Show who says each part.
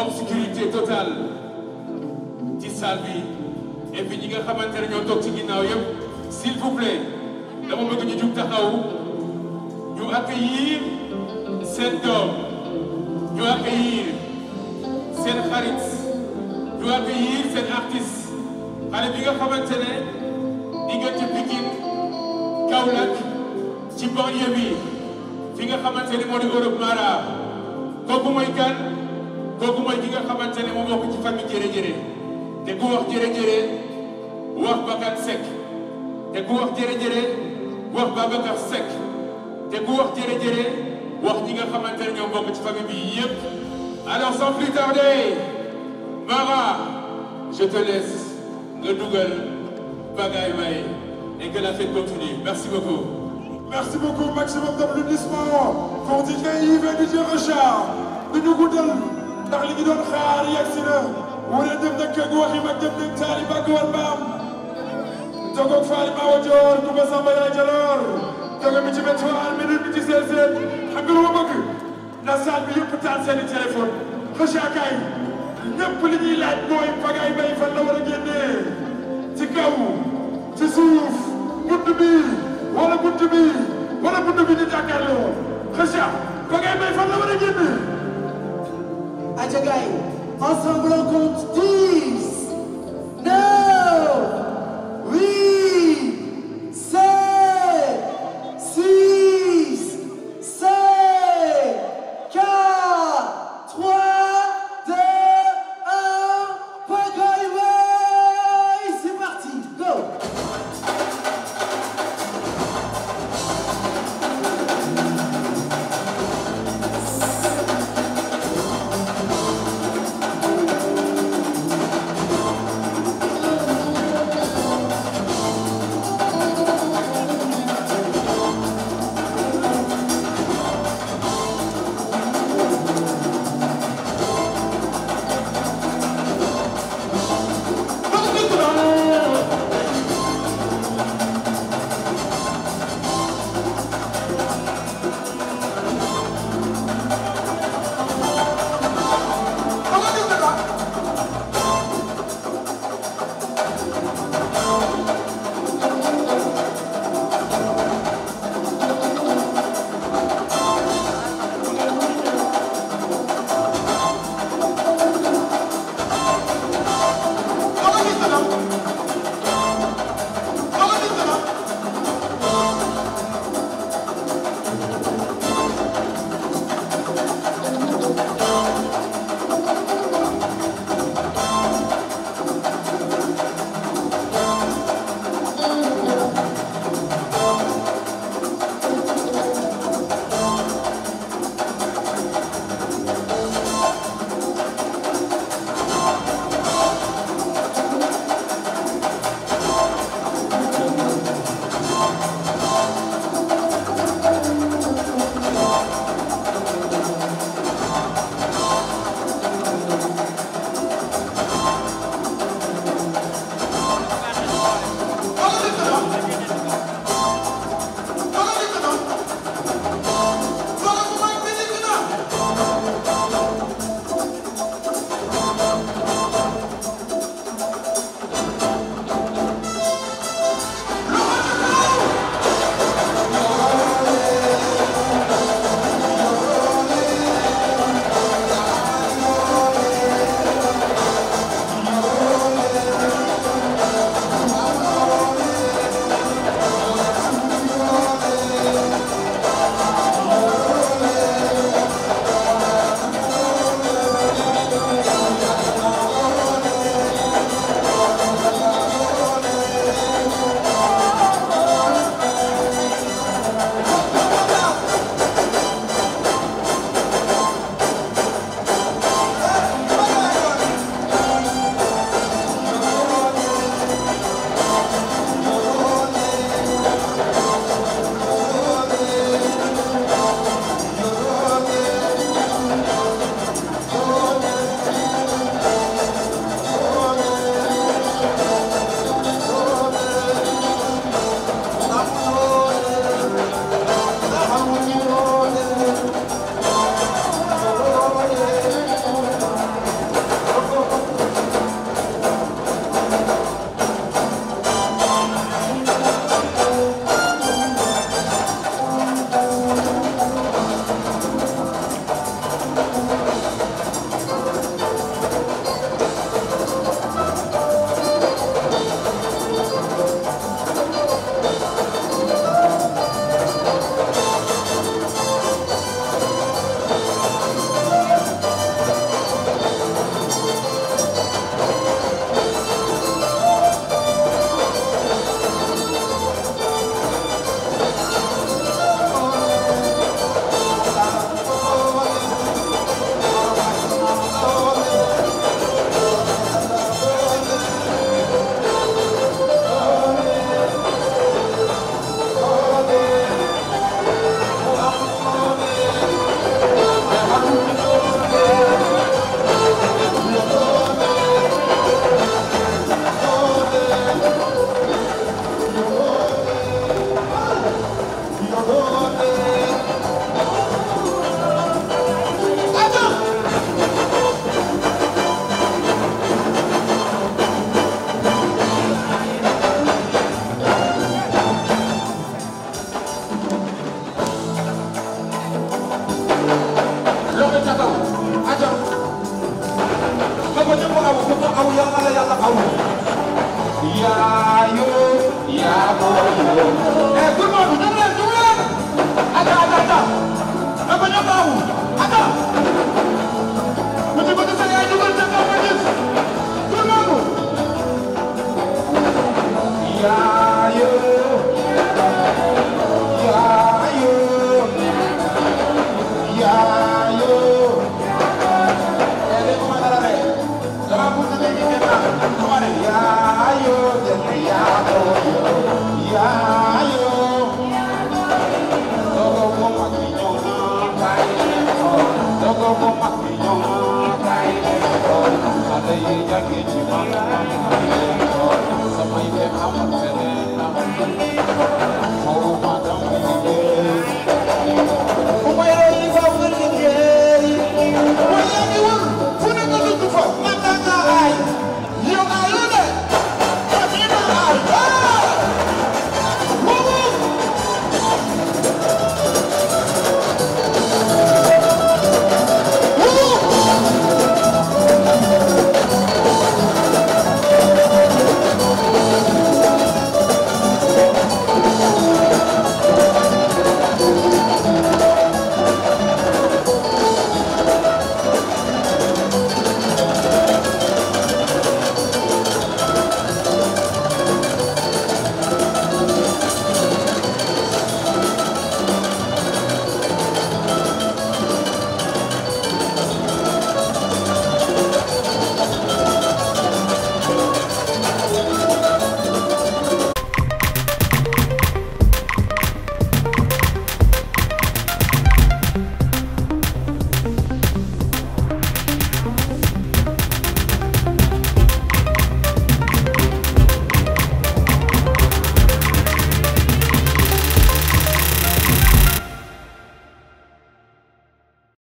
Speaker 1: obscurité totale ci salle bi et ñi nga xamante ne ñoo toog ci ginnaaw yëpp s'il vous plaît dama bëgg ñu jug taxaw ñu doom ñu accueillir seen xarit ñu accueillir seen artiste xale bi nga xamante ne diggante Pikine ci banlieue bi fi nga xamante ne moo di Europe Mara kooku mooy kan kooku mooy ki nga xamante ne moom wax ci famille jërëjërë te ku wax jërëjërë wax Bakar Seck te ku wax jërëjërë wax Babacar Seck te ku wax jërëjërë wax ñi nga xamante ne ñoom bokk ci famille bi yëpp. alors sans plus tarder Mara je te laisse nga dugal Bagay Mbaye et que la fête continue merci beaucoup.
Speaker 2: merci beaucoup maximum d'applaudissements pour DJ Yves et DJ Richard de ñu guddal. ndax li ñu doon si na wala dem na gu wax yi dem nañ taali bàgg war mbaam jogoog faali maa wa joor ku ba samba yaa jaloor jogo mi ci météo minute bi ci seen seen xam nga lu saal bi yëpp taal seen i téléphone xëcaakaay ñëpp li ñuy laaj mooy pagaay bay fan la war a génnee ci kaw ci suuf bunt bi wala bunt bi wala bunt bi di jàkkaarloo xëca pagaay bay fan la war a a gars yi ensemble on compte day yàgg ci man